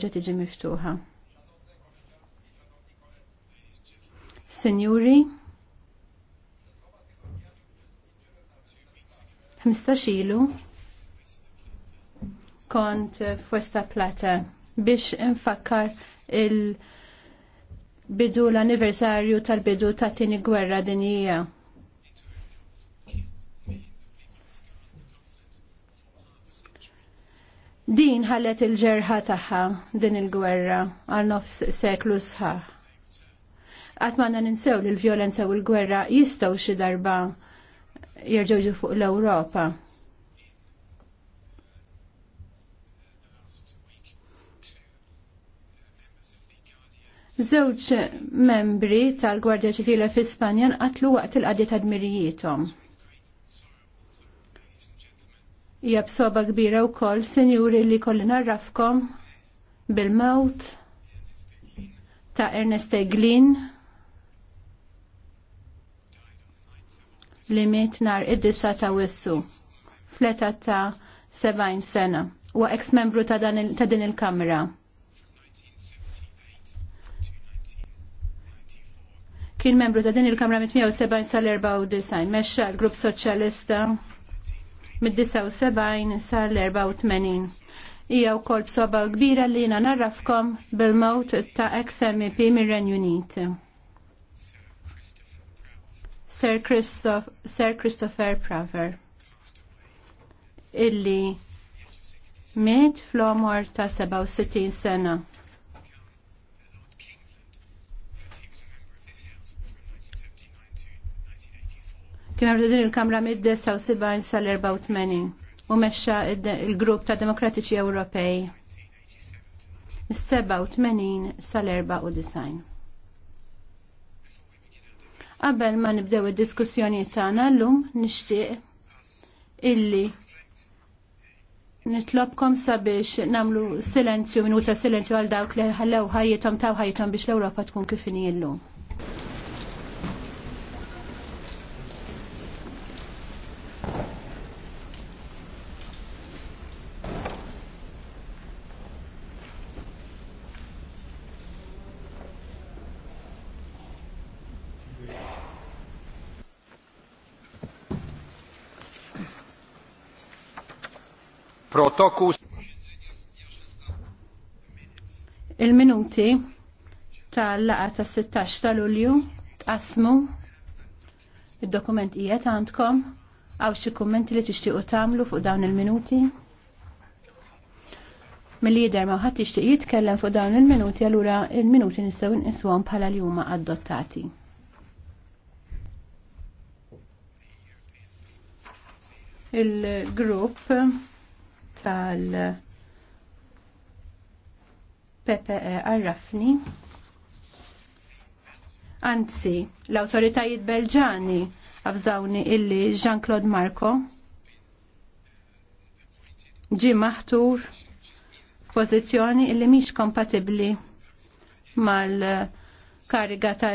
terġa' tiġi miftuħa. Senjuri, 15 ilu kont f'Westa Plata biex infakkar il-bidu l-anniversarju tal-bidu tat-tieni gwerra dinjija. Din ħallet il-ġerħa tagħha din il-gwerra għal nofs seklu sħaħ. Għatmanna ninsew li l-vjolenza u l-gwerra jistaw xi darba jerġgħu fuq l-Ewropa. Żewġ membri tal-Gwardja Ċivila fi Spanja nqatlu waqt il-qadi ta' dmirijietom hija b'soba kbira wkoll, sinjuri li kolli narrafkom bil-mewt ta' Ernest Eglin li miet nar id-disa ta' wissu fleta ta' 70 sena u ex-membru ta' din il-kamra. Kien membru ta' din il-kamra mit-170 sal-94, meċċa l-grupp soċjalista mid-79 sar l-84. Ija u kolb soba kbira li jina narrafkom bil-mawt ta' XMP mep mir-Renju Unit. Sir, Christoph Sir Christopher Praver illi miet fl-omor ta' 67 sena. kien hemm din il-Kamra mid-79 sal-84 u mexxa il-grupp ta' Demokratiċi Ewropej mis-87 sal-94. Qabel ma nibdew id-diskussjoni tagħna llum nixtieq illi nitlobkom sabiex namlu silenzju, minuta silenzju għal dawk li ħallew ħajjithom taw ħajjithom biex l-Ewropa tkun kif inhi llum. Protokół. Il-minuti tal-laqa ta' 16 ta' Lulju tqasmu id-dokument qiegħed għandkom għaw xi kummenti li tixtiequ tagħmlu fuq dawn il-minuti. Mill-lider ma ħadd jixtieq jitkellem fuq dawn il-minuti allura il-minuti nistgħu nqishom bħala li huma adottati. il-grupp tal-PPE għarrafni. Anzi, l-autoritajiet belġani għafżawni illi Jean-Claude Marco ġi maħtur pozizjoni illi mhix kompatibbli mal-kariga ta'